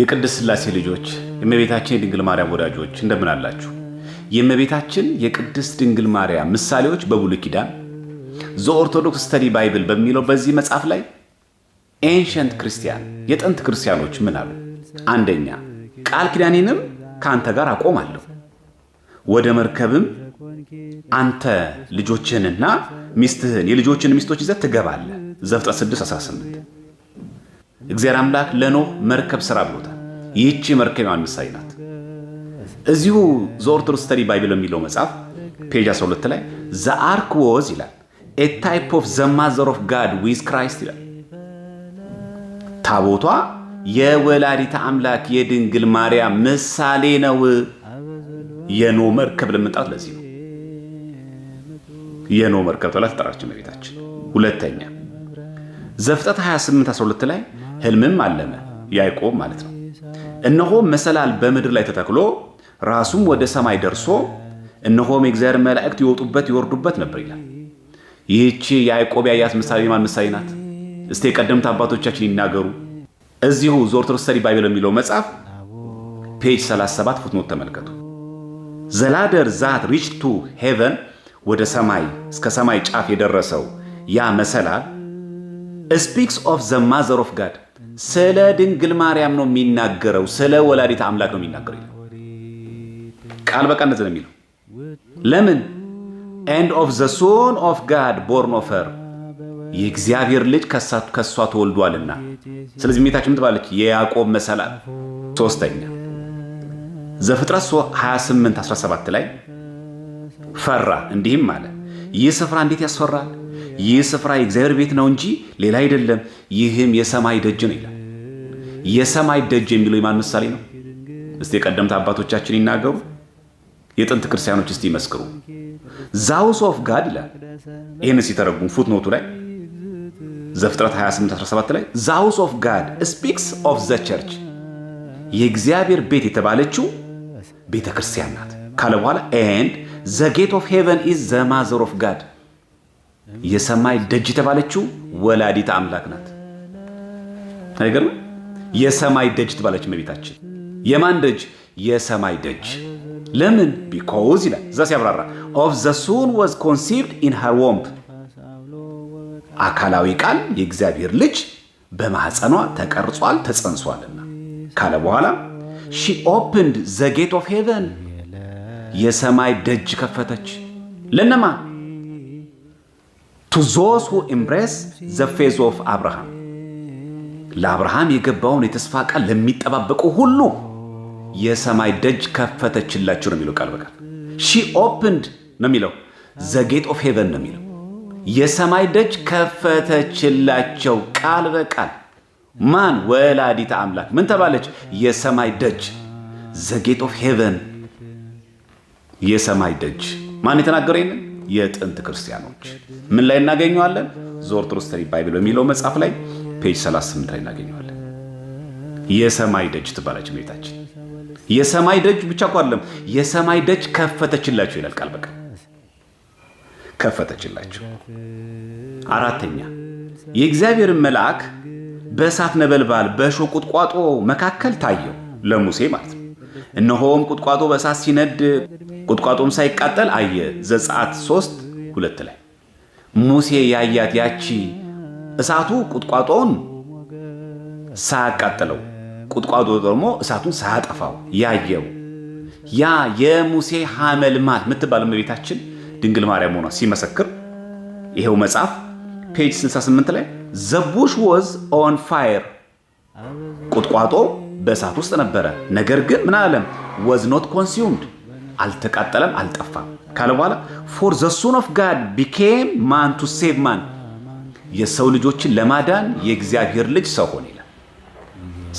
የቅድስት ሥላሴ ልጆች የእመቤታችን የድንግል ማርያም ወዳጆች እንደምን አላችሁ? የእመቤታችን የቅድስት ድንግል ማርያም ምሳሌዎች በብሉይ ኪዳን ዘ ኦርቶዶክስ ስተዲ ባይብል በሚለው በዚህ መጽሐፍ ላይ ኤንሸንት ክርስቲያን የጥንት ክርስቲያኖች ምን አሉ? አንደኛ ቃል ኪዳኔንም ከአንተ ጋር አቆማለሁ፣ ወደ መርከብም አንተ ልጆችህንና ሚስትህን የልጆችን ሚስቶች ይዘት ትገባለህ። ዘፍጥረት 6 18 እግዚአብሔር አምላክ ለኖህ መርከብ ስራ ብሎታል። ይህቺ መርከብ ዮሐንስ ራእይ ናት። እዚሁ ዘ ኦርቶዶክስ ስተዲ ባይብል የሚለው መጽሐፍ ፔጅ 12 ላይ ዘአርክ ወዝ ይላል ኤ ታይፕ ኦፍ ዘማዘር ኦፍ ጋድ ዊዝ ክራይስት ይላል። ታቦቷ የወላዲተ አምላክ የድንግል ማርያም ምሳሌ ነው። የኖ መርከብ ለምንጣት ለዚህ ነው የኖ መርከብ ተብላ ተጠራችን። መቤታችን ሁለተኛ ዘፍጠት 2812 ላይ ህልምም አለመ ያዕቆብ ማለት ነው። እነሆ መሰላል በምድር ላይ ተተክሎ ራሱም ወደ ሰማይ ደርሶ እነሆም የእግዚአብሔር መላእክት ይወጡበት ይወርዱበት ነበር ይላል። ይህቺ ያዕቆብ ያያት ምሳሌ ማን ምሳሌ ናት? እስቲ የቀደምት አባቶቻችን ይናገሩ። እዚሁ ዘ ስተዲ ባይብል የሚለው መጽሐፍ ፔጅ 37 ፉትኖት ተመልከቱ። ዘላደር ዛት ሪች ቱ ሄቨን ወደ ሰማይ እስከ ሰማይ ጫፍ የደረሰው ያ መሰላል ስፒክስ ኦፍ ዘ ማዘር ኦፍ ጋድ ስለ ድንግል ማርያም ነው የሚናገረው፣ ስለ ወላዲት አምላክ ነው የሚናገረው። ቃል በቃ እንደዚህ ነው የሚለው። ለምን ኤንድ ኦፍ ዘ ሶን ኦፍ ጋድ ቦርን ኦፍ ሄር የእግዚአብሔር ልጅ ከሷ ተወልዷልና። ስለዚህ ሜታችን ምትባለች የያዕቆብ መሰላል። ሶስተኛ ዘፍጥረት 28 17 ላይ ፈራ እንዲህም አለ፣ ይህ ስፍራ እንዴት ያስፈራል ይህ ስፍራ የእግዚአብሔር ቤት ነው እንጂ ሌላ አይደለም፣ ይህም የሰማይ ደጅ ነው ይላል። የሰማይ ደጅ የሚለው የማን ምሳሌ ነው? እስቲ የቀደምት አባቶቻችን ይናገሩ፣ የጥንት ክርስቲያኖች እስቲ ይመስክሩ። ዛውስ ኦፍ ጋድ ይላል። ይህን ሲተረጉም ፉትኖቱ ላይ ዘፍጥረት 2817 ላይ ዛውስ ኦፍ ጋድ ስፒክስ ኦፍ ዘ ቸርች የእግዚአብሔር ቤት የተባለችው ቤተ ክርስቲያን ናት ካለ በኋላ ኤንድ ዘ ጌት ኦፍ ሄቨን ኢዝ ዘ ማዘር ኦፍ ጋድ የሰማይ ደጅ የተባለችው ወላዲት አምላክ ናት። አይገርም? የሰማይ ደጅ የተባለች እመቤታችን የማን ደጅ? የሰማይ ደጅ ለምን? ቢኮዝ ይላል እዛ ሲያብራራ ኦፍ ዘ ሱን ወዝ ኮንሲቭድ ኢን ሃር ወምብ አካላዊ ቃል የእግዚአብሔር ልጅ በማኅፀኗ ተቀርጿል ተጸንሷልና ካለ በኋላ ሺ ኦፕንድ ዘ ጌት ኦፍ ሄቨን የሰማይ ደጅ ከፈተች ለነማ ቱ ዞስ ሁ ኤምብሬስ ዘ ፌዝ ኦፍ አብርሃም ለአብርሃም የገባውን የተስፋ ቃል ለሚጠባበቁ ሁሉ የሰማይ ደጅ ከፈተችላችሁ ነው የሚለው ቃል በቃል ሺ ኦፕንድ ነው የሚለው ዘ ጌት ኦፍ ሄቨን ነው የሚለው የሰማይ ደጅ ከፈተችላቸው ቃል በቃል ማን ወላዲተ አምላክ ምን ተባለች የሰማይ ደጅ ዘ ጌት ኦፍ ሄቨን የሰማይ ደጅ ማን የተናገረው ይንን የጥንት ክርስቲያኖች ምን ላይ እናገኘዋለን? ዘኦርቶዶክስ ባይብል በሚለው መጽሐፍ ላይ ፔጅ 38 ላይ እናገኘዋለን። የሰማይ ደጅ ትባላች እመቤታችን። የሰማይ ደጅ ብቻ እኮ አይደለም፣ የሰማይ ደጅ ከፈተችላቸው ይላል ቃል በቃል ከፈተችላቸው። አራተኛ የእግዚአብሔርን መልአክ በእሳት ነበልባል በእሾህ ቁጥቋጦ መካከል ታየው፣ ለሙሴ ማለት ነው። እነሆም ቁጥቋጦ በእሳት ሲነድ ቁጥቋጦም ሳይቃጠል አየ። ዘጸአት ሶስት ሁለት ላይ ሙሴ ያያት ያቺ እሳቱ ቁጥቋጦውን ሳያቃጥለው ቁጥቋጦ ደግሞ እሳቱን ሳያጠፋው ያየው ያ የሙሴ ሐመልማል የምትባለው እመቤታችን ድንግል ማርያም ሆኗ ሲመሰክር ይሄው መጽሐፍ ፔጅ 68 ላይ ዘቡሽ ወዝ ኦን ፋየር ቁጥቋጦ በእሳት ውስጥ ነበረ። ነገር ግን ምን አለም ወዝ ኖት ኮንሱምድ አልተቃጠለም፣ አልጠፋም ካለ በኋላ ፎር ዘ ሶን ኦፍ ጋድ ቢኬም ማን ቱ ሴቭ ማን፣ የሰው ልጆችን ለማዳን የእግዚአብሔር ልጅ ሰው ሆነ ይላል።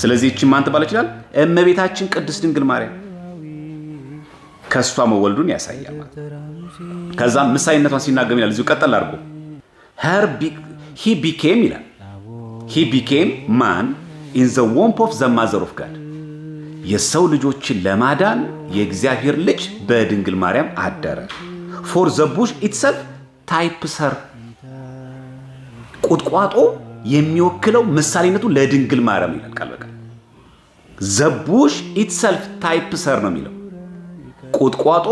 ስለዚህ እቺ ማን ትባል ይችላል? እመቤታችን ቅድስት ድንግል ማርያም ከእሷ መወልዱን ያሳያል። ከዛም ምሳይነቷን ሲናገም ይላል እዚሁ ቀጠል አድርጎ ሂ ቢኬም ይላል ሂ ቢኬም ማን ኢን ዘ ወምፕ ኦፍ ዘ ማዘር ኦፍ ጋድ የሰው ልጆችን ለማዳን የእግዚአብሔር ልጅ በድንግል ማርያም አደረ። ፎር ዘቡሽ ኢትሰልፍ ታይፕ ሰር ቁጥቋጦ የሚወክለው ምሳሌነቱ ለድንግል ማርያም ይላል ቃል በቃል ዘቡሽ ኢትሰልፍ ታይፕ ሰር ነው የሚለው ቁጥቋጦ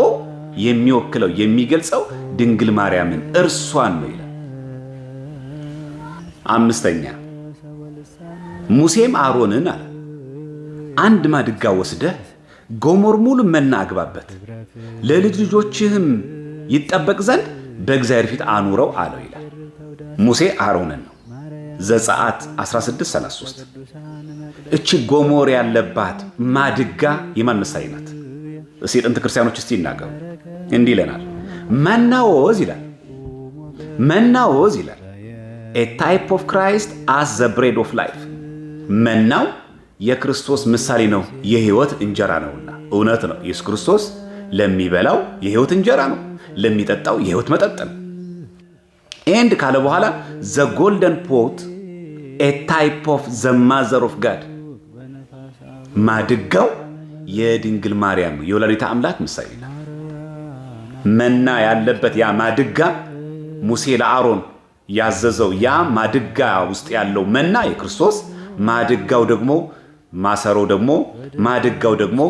የሚወክለው የሚገልጸው ድንግል ማርያምን እርሷን ነው ይላል። አምስተኛ ሙሴም አሮንን አለ አንድ ማድጋ ወስደህ ጎሞር ሙሉ መና አግባበት፣ ለልጅ ልጆችህም ይጠበቅ ዘንድ በእግዚአብሔር ፊት አኑረው አለው ይላል። ሙሴ አሮንን ነው። ዘጸአት 1633 እቺ ጎሞር ያለባት ማድጋ የማን ምሳሌ ናት? እስቲ የጥንት ክርስቲያኖች እስቲ ይናገሩ። እንዲህ ይለናል፣ መናወዝ ይላል መናወዝ ይላል ኤ ታይፕ ኦፍ ክራይስት አስ ዘ ብሬድ ኦፍ ላይፍ መናው የክርስቶስ ምሳሌ ነው። የህይወት እንጀራ ነውና እውነት ነው። ኢየሱስ ክርስቶስ ለሚበላው የህይወት እንጀራ ነው፣ ለሚጠጣው የህይወት መጠጥ ነው። ኤንድ ካለ በኋላ ዘ ጎልደን ፖት ኤ ታይፕ ኦፍ ዘ ማዘር ኦፍ ጋድ ማድጋው የድንግል ማርያም ነው፣ የወላዲተ አምላክ ምሳሌ ነው። መና ያለበት ያ ማድጋ ሙሴ ለአሮን ያዘዘው ያ ማድጋ ውስጥ ያለው መና የክርስቶስ ማድጋው ደግሞ ማሰሮ ደግሞ ማድጋው ደግሞ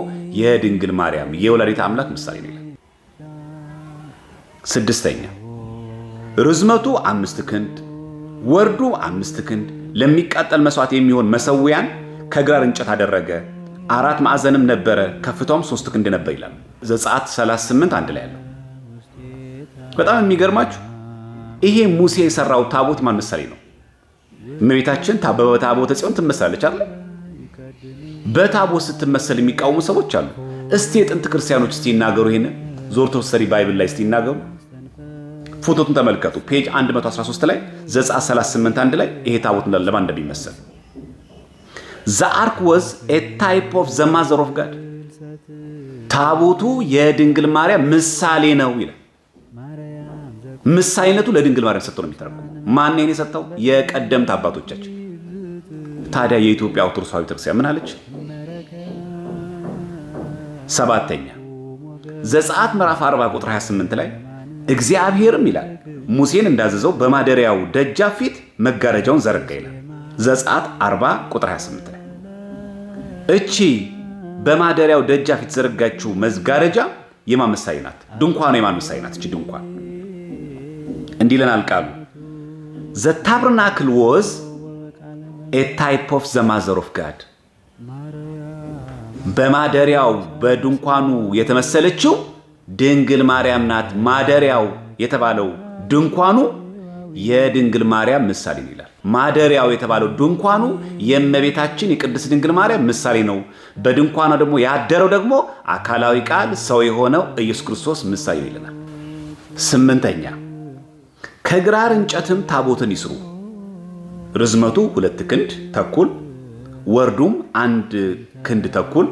የድንግል ማርያም የወላዲት አምላክ ምሳሌ ነው ስድስተኛ ርዝመቱ አምስት ክንድ ወርዱ አምስት ክንድ ለሚቃጠል መስዋዕት የሚሆን መሰዊያን ከግራር እንጨት አደረገ። አራት ማዕዘንም ነበረ፣ ከፍታውም ሶስት ክንድ ነበር ይላል ዘጸአት 38 አንድ ላይ ያለው። በጣም የሚገርማችሁ ይሄ ሙሴ የሰራው ታቦት ማን ምሳሌ ነው? እመቤታችን ታቦተ ጽዮን ትመስላለች አይደል? በታቦ ስትመሰል የሚቃወሙ ሰዎች አሉ። እስቲ የጥንት ክርስቲያኖች እስቲ ይናገሩ። ይህን ዞርቶ ሰሪ ባይብል ላይ እስቲ ይናገሩ። ፎቶቱን ተመልከቱ። ፔጅ 113 ላይ ዘጸአት 38 አንድ ላይ ይሄ ታቦት ለማን እንደሚመሰል ዘአርክ ወዝ ኤ ታይፕ ኦፍ ዘማዘር ኦፍ ጋድ ታቦቱ የድንግል ማርያም ምሳሌ ነው ይላል። ምሳሌነቱ ለድንግል ማርያም ሰጥቶ ነው የሚተረጉመው። ማን ይህን የሰጠው? የቀደምት አባቶቻችን ታዲያ የኢትዮጵያ ኦርቶዶክስ ተዋሕዶ ቤተክርስቲያን ምን አለች? ሰባተኛ ዘጸአት ምዕራፍ 40 ቁጥር 28 ላይ እግዚአብሔርም ይላል ሙሴን እንዳዘዘው በማደሪያው ደጃፍ ፊት መጋረጃውን ዘረጋ ይላል። ዘጸአት 40 ቁጥር 28 ላይ እቺ በማደሪያው ደጃፍ የተዘረጋችው መጋረጃ የማን ምሳሌ ናት? ድንኳኑ የማን ምሳሌ ናት? እቺ ድንኳን እንዲህ ይለናል ቃሉ ዘታብርናክል ወዝ ኤታይፕ ኦፍ ዘማዘር ኦፍ ጋድ በማደሪያው በድንኳኑ የተመሰለችው ድንግል ማርያም ናት። ማደሪያው የተባለው ድንኳኑ የድንግል ማርያም ምሳሌ ነው ይላል። ማደሪያው የተባለው ድንኳኑ የእመቤታችን የቅድስት ድንግል ማርያም ምሳሌ ነው። በድንኳኗ ደግሞ ያደረው ደግሞ አካላዊ ቃል ሰው የሆነው ኢየሱስ ክርስቶስ ምሳሌ ነው ይለናል። ስምንተኛ ከግራር እንጨትም ታቦትን ይስሩ ርዝመቱ ሁለት ክንድ ተኩል ወርዱም አንድ ክንድ ተኩል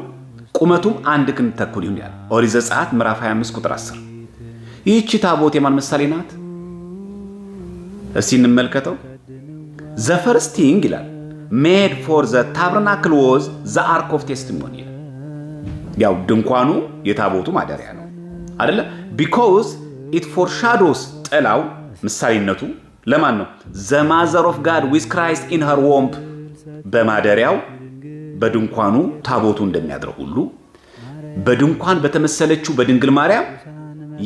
ቁመቱም አንድ ክንድ ተኩል ይሁን ያለ ኦሪት ዘጸአት ምዕራፍ 25 ቁጥር 10። ይህቺ ታቦት የማን ምሳሌ ናት? እስቲ እንመልከተው። ቲንግ ይላል ሜድ ፎር ዘ ታብርናክል ዎዝ ዘ አርክ ኦፍ ቴስቲሞኒ ይላል። ያው ድንኳኑ የታቦቱ ማደሪያ ነው አደለ? ቢኮዝ ኢት ፎር ሻዶስ ጥላው ምሳሌነቱ ለማን ነው? ማዘር ኦፍ ጋድ ዊዝ ክራይስት ኢን ሀር ወምፕ በማደሪያው በድንኳኑ ታቦቱ እንደሚያድረው ሁሉ በድንኳን በተመሰለችው በድንግል ማርያም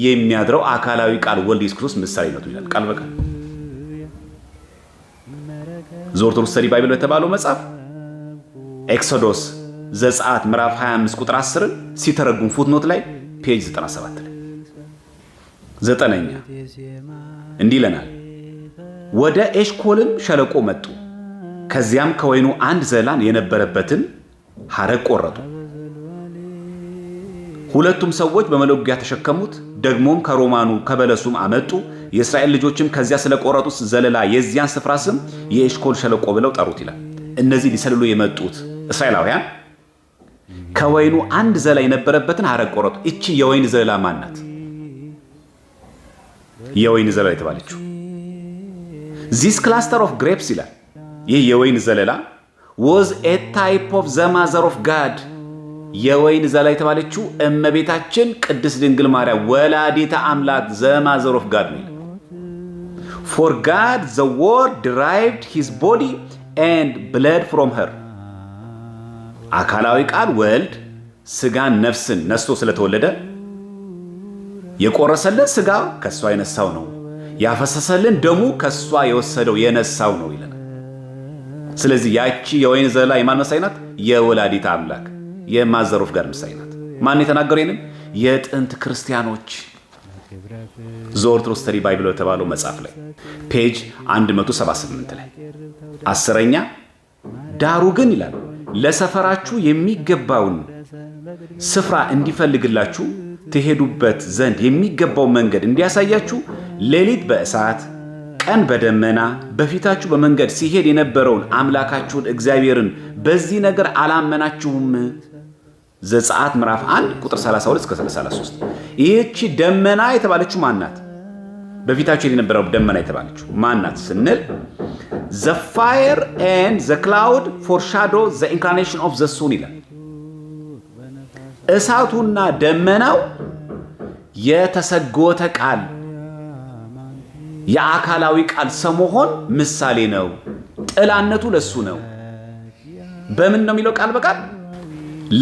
የሚያድረው አካላዊ ቃል ወልድ ኢየሱስ ክርስቶስ ምሳሌነቱ ይላል ቃል በቃል ዘኦርቶዶክስ ስተዲ ባይብል በተባለው መጽሐፍ ኤክሶዶስ ዘጸአት ምዕራፍ 25 ቁጥር 10 ሲተረጉም ፉትኖት ላይ ፔጅ 97 ላይ ዘጠነኛ እንዲህ ይለናል ወደ ኤሽኮልም ሸለቆ መጡ። ከዚያም ከወይኑ አንድ ዘላን የነበረበትን ሐረግ ቆረጡ። ሁለቱም ሰዎች በመሎጊያ ተሸከሙት። ደግሞም ከሮማኑ ከበለሱም አመጡ። የእስራኤል ልጆችም ከዚያ ስለቆረጡት ዘለላ የዚያን ስፍራ ስም የኤሽኮል ሸለቆ ብለው ጠሩት ይላል። እነዚህ ሊሰልሉ የመጡት እስራኤላውያን ከወይኑ አንድ ዘላ የነበረበትን ሐረግ ቆረጡ። እቺ የወይን ዘላ ማናት? የወይን ዘላ የተባለችው ዚስ ክላስተር ኦፍ ግሬፕስ ይላል ይህ የወይን ዘለላ ወዝ ኤ ታይፕ ኦፍ ዘማዘር ኦፍ ጋድ የወይን ዘላ የተባለችው እመቤታችን ቅድስት ድንግል ማርያም ወላዲተ አምላክ ዘማዘር ኦፍ ጋድ ነው። ፎር ጋድ ዘ ወርድ ድራይቭድ ሂዝ ቦዲ ኤንድ ብለድ ፍሮም ሄር አካላዊ ቃል ወልድ ስጋን ነፍስን ነስቶ ስለተወለደ የቆረሰለት ስጋ ከእሷ የነሳው ነው። ያፈሰሰልን ደሙ ከእሷ የወሰደው የነሳው ነው ይለናል። ስለዚህ ያቺ የወይን ዘለላ የማን መሳይ ናት? የወላዲት አምላክ የማዘሩፍ ጋር ምሳይ ናት። ማን የተናገሩ ይንን? የጥንት ክርስቲያኖች ዘኦርቶዶክስ ስተዲ ባይብል መጽሐፍ ላይ ፔጅ 178 ላይ አስረኛ ዳሩ ግን ይላል ለሰፈራችሁ የሚገባውን ስፍራ እንዲፈልግላችሁ ትሄዱበት ዘንድ የሚገባው መንገድ እንዲያሳያችሁ ሌሊት በእሳት ቀን በደመና በፊታችሁ በመንገድ ሲሄድ የነበረውን አምላካችሁን እግዚአብሔርን በዚህ ነገር አላመናችሁም። ዘፀአት ምዕራፍ 1 ቁጥር 32 እስከ 33። ይህቺ ደመና የተባለችው ማናት? በፊታችሁ የነበረው ደመና የተባለችው ማናት ስንል ዘ ፋየር ኤንድ ዘ ክላውድ ፎርሻዶ ሻዶ ዘ ኢንካርኔሽን ኦፍ ዘ ሱን ይላል። እሳቱና ደመናው የተሰጎተ ቃል የአካላዊ ቃል ሰመሆን ምሳሌ ነው። ጥላነቱ ለሱ ነው። በምን ነው የሚለው ቃል በቃል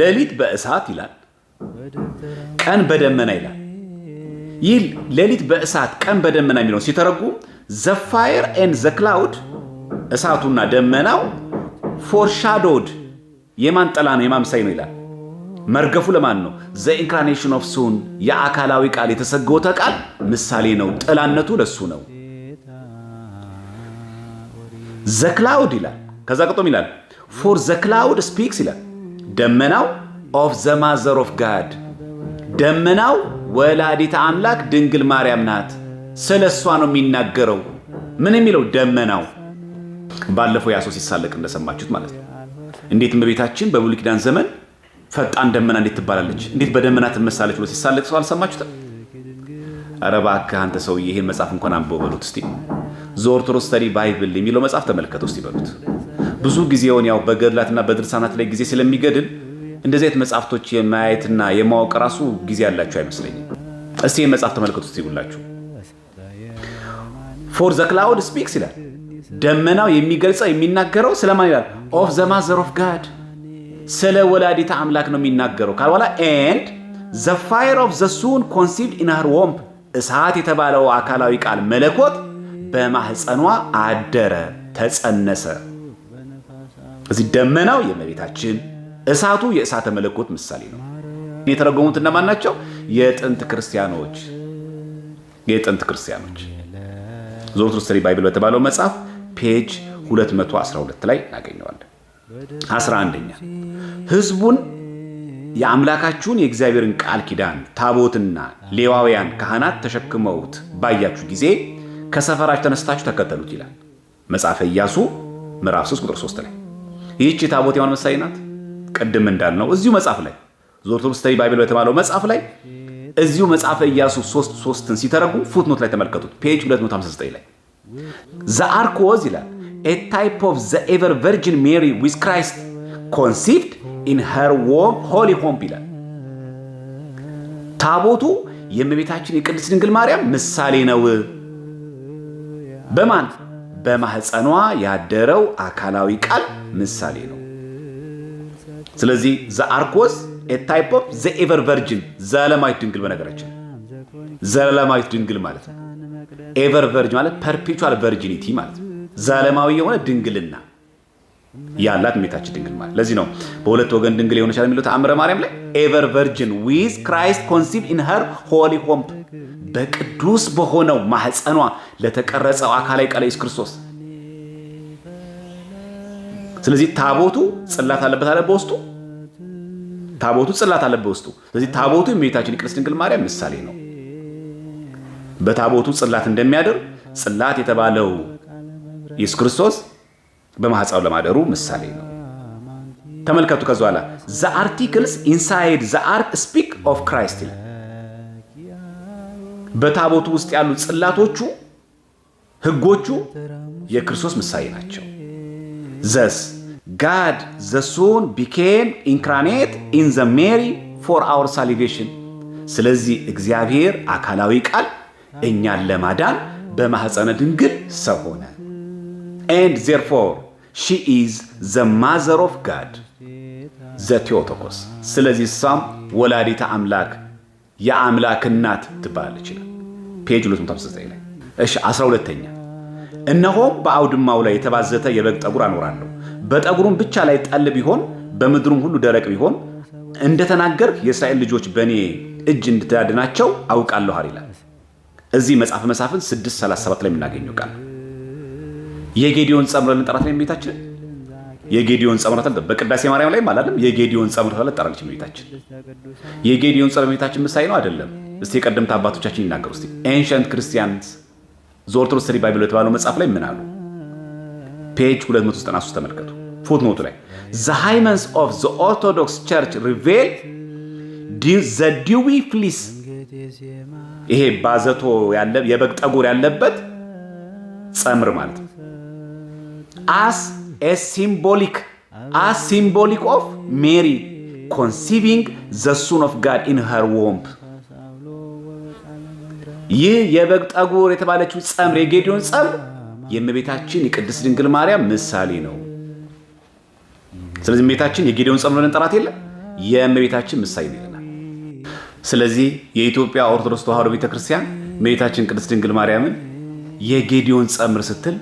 ሌሊት በእሳት ይላል፣ ቀን በደመና ይላል። ይህ ሌሊት በእሳት ቀን በደመና የሚለው ሲተረጉም ዘ ፋየር ኤንድ ዘ ክላውድ እሳቱና ደመናው ፎርሻዶድ የማን ጥላ ነው የማን ምሳይ ነው ይላል። መርገፉ ለማን ነው? ዘኢንካርኔሽን ኦፍ ሱን የአካላዊ ቃል የተሰገወተ ቃል ምሳሌ ነው። ጥላነቱ ለሱ ነው። ዘክላውድ ይላል። ከዛ ቅጦም ይላል ፎር ዘክላውድ ስፒክስ ይላል። ደመናው ኦፍ ዘማዘር ኦፍ ጋድ ደመናው ወላዲተ አምላክ ድንግል ማርያም ናት። ስለ እሷ ነው የሚናገረው። ምን የሚለው ደመናው ባለፈው ያሶ ሲሳለቅ እንደሰማችሁት ማለት ነው። እንዴት እመቤታችን በብሉይ ኪዳን ዘመን ፈጣን ደመና እንዴት ትባላለች? እንዴት በደመና ትመሳለች ብሎ ሲሳለቅ ሰው አልሰማችሁትም? ኧረ እባክህ አንተ ሰውዬ ይህን መጽሐፍ እንኳን አንብበው በሉት እስቲ። ዘ ስተዲ ባይብል የሚለው መጽሐፍ ተመልከተው እስቲ በሉት። ብዙ ጊዜውን ያው በገድላትና በድርሳናት ላይ ጊዜ ስለሚገድል እንደዚህ አይነት መጽሐፍቶች የማየትና የማወቅ ራሱ ጊዜ ያላችሁ አይመስለኝም። እስቲ ይህን መጽሐፍ ተመልከቱ እስቲ ሁላችሁ። ፎር ዘ ክላውድ ስፒክስ ይላል። ደመናው የሚገልጸው የሚናገረው ስለማን ይላል? ኦፍ ዘ ማዘር ኦፍ ጋድ ስለ ወላዲታ አምላክ ነው የሚናገረው። ካልኋላ ኤንድ ዘ ፋየር ኦፍ ዘ ሱን ኮንሲቭድ ኢን ሀር ወምፕ እሳት የተባለው አካላዊ ቃል መለኮት በማህፀኗ አደረ ተጸነሰ። እዚህ ደመናው የእመቤታችን እሳቱ የእሳተ መለኮት ምሳሌ ነው። የተረጎሙት እነማን ናቸው? የጥንት ክርስቲያኖች የጥንት ክርስቲያኖች ዘ ባይብል በተባለው መጽሐፍ ፔጅ 212 ላይ እናገኘዋለን። አስራ አንደኛ ህዝቡን የአምላካችሁን የእግዚአብሔርን ቃል ኪዳን ታቦትና ሌዋውያን ካህናት ተሸክመውት ባያችሁ ጊዜ ከሰፈራችሁ ተነስታችሁ ተከተሉት ይላል መጽሐፈ ኢያሱ ምዕራፍ 3 ቁጥር 3 ላይ። ይህቺ ታቦት የማን መሳይ ናት? ቅድም እንዳልነው እዚሁ መጽሐፍ ላይ ዞርቶም ስተዲ ባይብል በተባለው መጽሐፍ ላይ እዚሁ መጽሐፈ ኢያሱ 3 3ን ሲተረጉ ፉትኖት ላይ ተመልከቱት ፔጅ 259 ላይ ዘአርክ ወዝ ይላል a type of the ever Virgin Mary with Christ conceived in her womb holy home ይላል። ታቦቱ የእመቤታችን የቅድስት ድንግል ማርያም ምሳሌ ነው። በማን በማህፀኗ ያደረው አካላዊ ቃል ምሳሌ ነው። ስለዚህ ዘ አርክ ኤ ታይፕ ኦፍ ዘ ኤቨር ቨርጅን ዘላለማዊት ድንግል። በነገራችን ዘላለማዊት ድንግል ማለት ነው ኤቨር ቨርጅን ማለት ፐርፔቹዋል ቨርጂኒቲ ማለት ነው። ዘላለማዊ የሆነ ድንግልና ያላት እመቤታችን ድንግል ማለት ለዚህ ነው በሁለት ወገን ድንግል የሆነቻል የሚለው ተአምረ ማርያም ላይ ኤቨር ቨርጅን ዊዝ ክራይስት ኮንሲቭ ኢን ሀር ሆሊ ሆምፕ በቅዱስ በሆነው ማህፀኗ ለተቀረጸው አካላዊ ቃለ ኢየሱስ ክርስቶስ። ስለዚህ ታቦቱ ጽላት አለበት አለ በውስጡ ታቦቱ ጽላት አለበት በውስጡ ስለዚህ ታቦቱ የእመቤታችን ቅድስት ድንግል ማርያም ምሳሌ ነው። በታቦቱ ጽላት እንደሚያደር ጽላት የተባለው ኢየሱስ ክርስቶስ በማህፀኑ ለማደሩ ምሳሌ ነው። ተመልከቱ። ከዚ በኋላ ዘ አርቲክልስ ኢንሳይድ ዘ አርክ ስፒክ ኦፍ ክራይስት ይላል። በታቦቱ ውስጥ ያሉ ጽላቶቹ ህጎቹ የክርስቶስ ምሳሌ ናቸው። ዘስ ጋድ ዘ ሶን ቢኬም ኢንክራኔት ኢን ዘ ሜሪ ፎር አወር ሳሊቬሽን። ስለዚህ እግዚአብሔር አካላዊ ቃል እኛን ለማዳን በማህፀነ ድንግል ሰው ሆነ። and therefore she is the mother of God the Theotokos ስለዚህ እሷም ወላዲተ አምላክ የአምላክ እናት ትባል ይችላል ፔጅ 259 ላይ እሺ 12ተኛ እነሆም በአውድማው ላይ የተባዘተ የበግ ጠጉር አኖራለሁ በጠጉሩም ብቻ ላይ ጠል ቢሆን በምድሩም ሁሉ ደረቅ ቢሆን እንደተናገርህ የእስራኤል ልጆች በእኔ እጅ እንድታድናቸው አውቃለሁ ይላል እዚህ መጽሐፈ መሳፍንት 637 ላይ የምናገኘው ቃል የጌዲዮን ጸምረን እንጠራት ነው የሚታችን የጌዲዮን ጸምረት አለ። በቅዳሴ ማርያም ላይ ማለትም የጌዲዮን ጸምረት አለ ጠራለች ቤታችን። የጌዲዮን ጸምረት ቤታችን ምሳሌ ነው አይደለም? እስቲ የቀደምት አባቶቻችን ይናገሩ እስቲ። ኤንሸንት ክርስቲያንስ ዘኦርቶዶክስ ስተዲ ባይብል የተባለው መጽሐፍ ላይ ምን አሉ? ፔጅ 293 ተመልከቱ። ፉት ፉትኖቱ ላይ ዘ ሃይመንስ ኦፍ ዘ ኦርቶዶክስ ቸርች ሪቬል ዘ ዲዊ ፍሊስ ይሄ ባዘቶ ያለ የበግ ጠጉር ያለበት ጸምር ማለት ነው። as a symbolic as symbolic of Mary conceiving the son of God in her womb። ይህ የበግ ጠጉር የተባለችው ጸምር የጌዲዮን ጸምር የእመቤታችን የቅድስት ድንግል ማርያም ምሳሌ ነው። ስለዚህ እመቤታችን የጌዲዮን ጸምር ብለን ጠራት የለ የእመቤታችን ምሳሌ ነው ይለናል። ስለዚህ የኢትዮጵያ ኦርቶዶክስ ተዋህዶ ቤተክርስቲያን እመቤታችን ቅድስት ድንግል ማርያምን የጌዲዮን ጸምር ስትል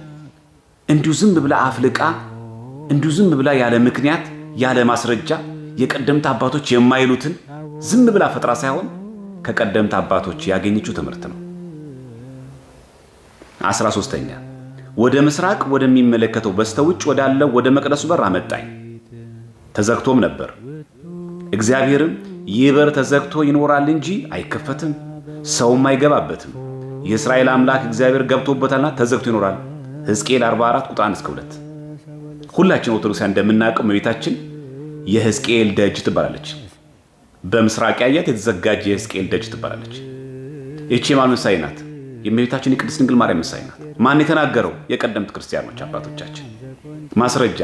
እንዲሁ ዝም ብላ አፍልቃ እንዲሁ ዝም ብላ ያለ ምክንያት ያለ ማስረጃ የቀደምት አባቶች የማይሉትን ዝም ብላ ፈጥራ ሳይሆን ከቀደምት አባቶች ያገኘችው ትምህርት ነው። አስራ ሦስተኛ ወደ ምስራቅ ወደሚመለከተው በስተውጭ ወዳለው ወደ መቅደሱ በር አመጣኝ፣ ተዘግቶም ነበር። እግዚአብሔርም ይህ በር ተዘግቶ ይኖራል እንጂ አይከፈትም፣ ሰውም አይገባበትም። የእስራኤል አምላክ እግዚአብሔር ገብቶበታልና ተዘግቶ ይኖራል ሕዝቅኤል 44 ቁጥር 1 እስከ 2። ሁላችን ኦርቶዶክሳን እንደምናውቀው እመቤታችን የሕዝቅኤል ደጅ ትባላለች። በምስራቅ ያያት የተዘጋጀ የሕዝቅኤል ደጅ ትባላለች። ይቺ የማን ምሳሌ ናት? የእመቤታችን የቅድስት ድንግል ማርያም ምሳሌ ናት። ማን የተናገረው? የቀደምት ክርስቲያኖች አባቶቻችን። ማስረጃ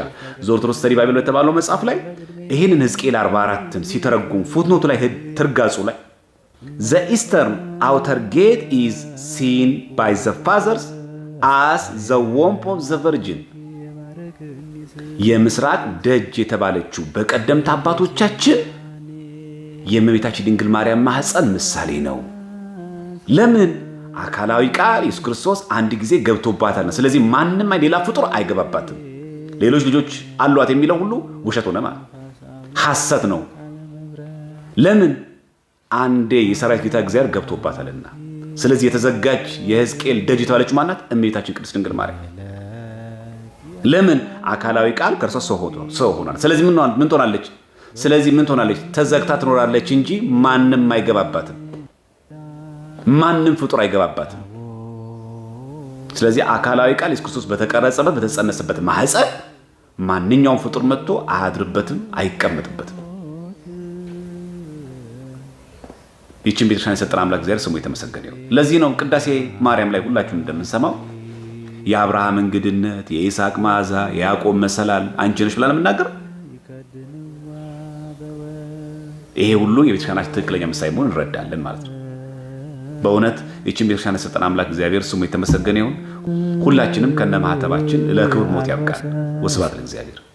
ዘኦርቶዶክስ ተሪ ባይብል በተባለው መጽሐፍ ላይ ይህንን ሕዝቅኤል 44ን ሲተረጉም ፉትኖቱ ላይ ትርጋጹ ላይ ዘኢስተርን አውተር ጌት ኢዝ ሲን ባይ ዘ ፋዘርስ አስ ዘ ወምፕ ዘ ቨርጅን የምስራቅ ደጅ የተባለችው በቀደምት አባቶቻችን የእመቤታችን ድንግል ማርያም ማህፀን ምሳሌ ነው። ለምን አካላዊ ቃል ኢየሱስ ክርስቶስ አንድ ጊዜ ገብቶባታል ስለዚህ ማንም ሌላ ፍጡር አይገባባትም። ሌሎች ልጆች አሏት የሚለው ሁሉ ውሸት ሆነማ ሐሰት ነው። ለምን አንዴ የሰራዊት ጌታ እግዚአብሔር ገብቶባታልና። ስለዚህ የተዘጋጅ የሕዝቅኤል ደጅ የተባለች ማናት? እመቤታችን ቅድስት ድንግል ማርያም። ለምን አካላዊ ቃል ከእርሷ ሰው ሆኗል። ስለዚህ ምን ትሆናለች? ስለዚህ ምን ትሆናለች? ተዘግታ ትኖራለች እንጂ ማንም አይገባባትም። ማንም ፍጡር አይገባባትም። ስለዚህ አካላዊ ቃል ኢየሱስ ክርስቶስ በተቀረጸበት በተጸነሰበት ማህፀን ማንኛውም ፍጡር መጥቶ አያድርበትም፣ አይቀመጥበትም። ይችን ቤተክርስቲያን የሰጠን አምላክ እግዚአብሔር ስሙ የተመሰገነ ይሁን። ለዚህ ነው ቅዳሴ ማርያም ላይ ሁላችሁም እንደምንሰማው የአብርሃም እንግድነት፣ የይስሐቅ መዓዛ፣ የያዕቆብ መሰላል አንቺ ብላ የምናገር ይሄ ሁሉ የቤተክርስቲያናችን ትክክለኛ ምሳሌ መሆን እንረዳለን ማለት ነው። በእውነት ይችን ቤተክርስቲያን የሰጠን አምላክ እግዚአብሔር ስሙ የተመሰገነ ይሁን። ሁላችንም ከነ ማህተባችን ለክብር ሞት ያብቃል። ወስብሐት ለእግዚአብሔር።